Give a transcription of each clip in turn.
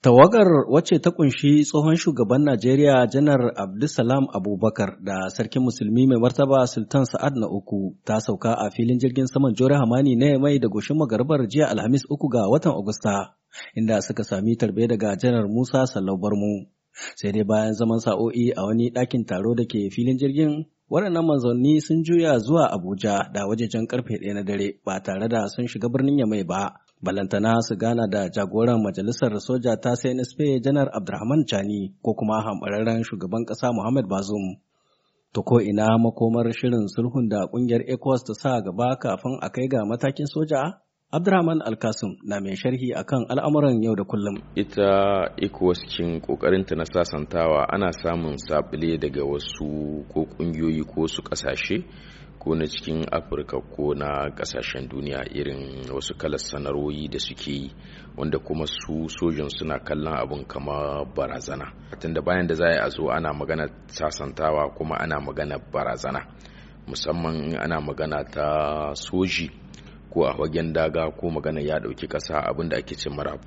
Tawagar wace ta kunshi tsohon shugaban Najeriya janar Abdulsalam Abubakar da sarkin musulmi mai martaba Sultan Sa'ad na uku ta sauka a filin jirgin saman Jore Hamani na mai da goshin magarbar jiya Alhamis uku ga watan Agusta inda suka sami tarbe daga janar Musa Sallau Barmu. Sai dai bayan zaman sa'o'i a wani ɗakin taro da ke filin jirgin waɗannan manzanni sun juya zuwa Abuja da wajejen karfe ɗaya na dare ba tare da sun shiga birnin Yamai ba balantana su gana da jagoran majalisar soja ta CNSP janar Abdurrahman Chani ko kuma hamɓararren shugaban ƙasa Muhammad Bazoum. Ta ko ina makomar shirin sulhun da ƙungiyar ECOWAS ta sa gaba kafin a kai ga matakin soja? Abdurrahman Alkasum na mai sharhi akan al'amuran yau da kullum. Ita ECOWAS cikin ƙoƙarinta na sasantawa ana samun sabile daga wasu ko ƙungiyoyi ko su ƙasashe ko na cikin afirka ko na kasashen duniya irin wasu kalar sanarwoyi da suke yi wanda kuma su sojin suna kallon abin kama barazana tunda bayan da za a zo ana magana sasantawa kuma ana magana barazana musamman ana magana ta soji ko a wagen daga ko magana ya dauki kasa abin da ake ce mara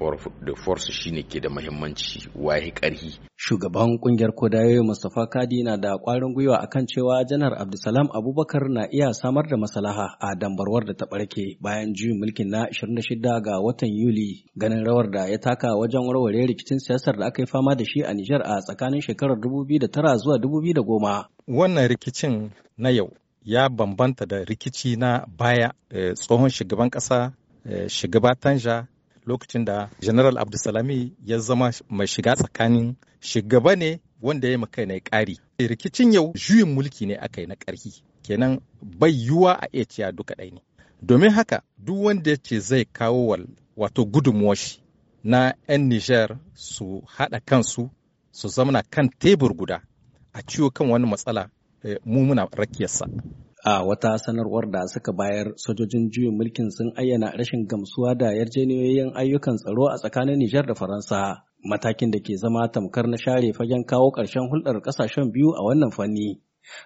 da force shine ke da mahimmanci waye karhi shugaban kungiyar kodayoyi Mustapha Kadi na da kwarin gwiwa akan cewa janar Abdulsalam Abubakar na iya samar da maslaha a dambarwar da ta barke bayan juyin mulkin na 26 ga watan Yuli ganin rawar da ya taka wajen warware rikicin siyasar da aka yi fama da shi a Nijar a tsakanin shekarar 2009 zuwa 2010 wannan rikicin na yau ya bambanta da rikici na baya eh, tsohon shugaban kasa. Eh, shugaba tanja lokacin da general abdulsalami ya zama mai shiga tsakanin shugaba ne wanda ya makai na ƙari eh, rikicin yau juyin mulki ne aka yi na ƙarfi kenan bai yiwuwa a iya ciya duka ɗai ne domin haka duk wanda ya ce zai kawo wato gudunmuwar shi na 'yan niger su haɗa kansu su zamana kan tebur guda a ciwo kan wani matsala Eh, mu muna rakiyarsa. A wata sanarwar da suka bayar sojojin juyin mulkin sun ayyana rashin gamsuwa da yarjejeniyoyin ayyukan tsaro a tsakanin Nijar da Faransa, matakin da ke zama tamkar na share fagen kawo ƙarshen hulɗar ƙasashen biyu a wannan fanni.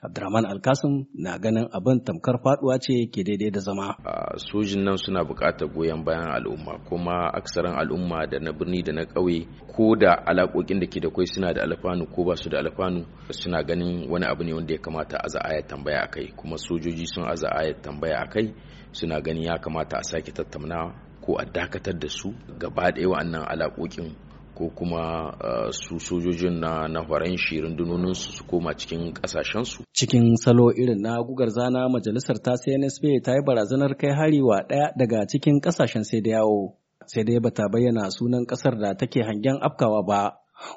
Abdurrahman Alkasim na ganin abin tamkar faduwa ce ke daidai da zama. Sojin nan suna buƙatar goyon bayan al'umma kuma aksarin al'umma da na birni da na ƙauye ko da alaƙoƙin da ke da kwai suna da alfanu ko ba su da alfanu suna ganin wani abu ne wanda ya kamata a za'a tambaya a kai kuma sojoji sun a za'a tambaya a kai suna ganin ya kamata a sake tattaunawa ko a dakatar da su gaba ɗaya wa'annan alaƙoƙin ko kuma ah, su sojojin na na faranshi rundunonin su koma cikin su. Cikin salo irin na gugar zana majalisar ta CNSP ta yi barazanar kai hari wa ɗaya daga cikin kasashen sai da yawo. Sai dai bata bayyana sunan ƙasar da take hangen afkawa ba.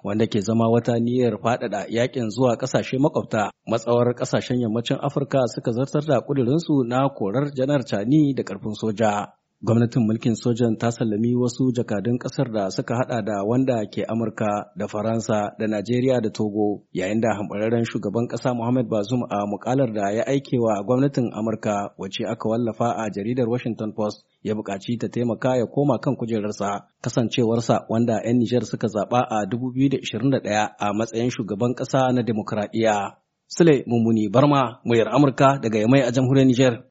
wanda ke zama wata niyyar faɗaɗa yakin zuwa ƙasashe makwabta matsawar ƙasashen yammacin afirka suka zartar da ƙudurinsu na korar janar cani da ƙarfin soja Gwamnatin mulkin sojan ta sallami wasu jakadun ƙasar da suka hada da wanda ke Amurka da Faransa da Najeriya da Togo yayin da hamɓararren shugaban ƙasa Muhammad bazum a mukalar da ya aike wa gwamnatin Amurka wacce aka wallafa a jaridar Washington Post ya buƙaci ta taimaka ya koma kan kujerarsa kasancewarsa wanda 'yan Nijar suka zaɓa a 2021 a matsayin shugaban ƙasa na demokradiyya. Sule Mummuni Barma, muyar Amurka daga Yamai a jamhuriyar Nijar.